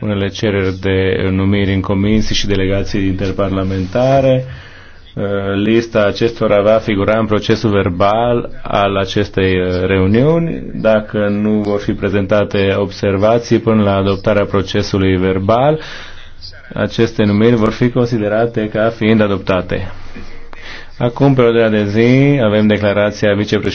unele cereri de numiri în comisii și delegații interparlamentare. Uh, lista acestora va figura în procesul verbal al acestei uh, reuniuni. Dacă nu vor fi prezentate observații până la adoptarea procesului verbal, aceste numiri vor fi considerate ca fiind adoptate. Acum, pe ordinea de zi, avem declarația vicepreședintelui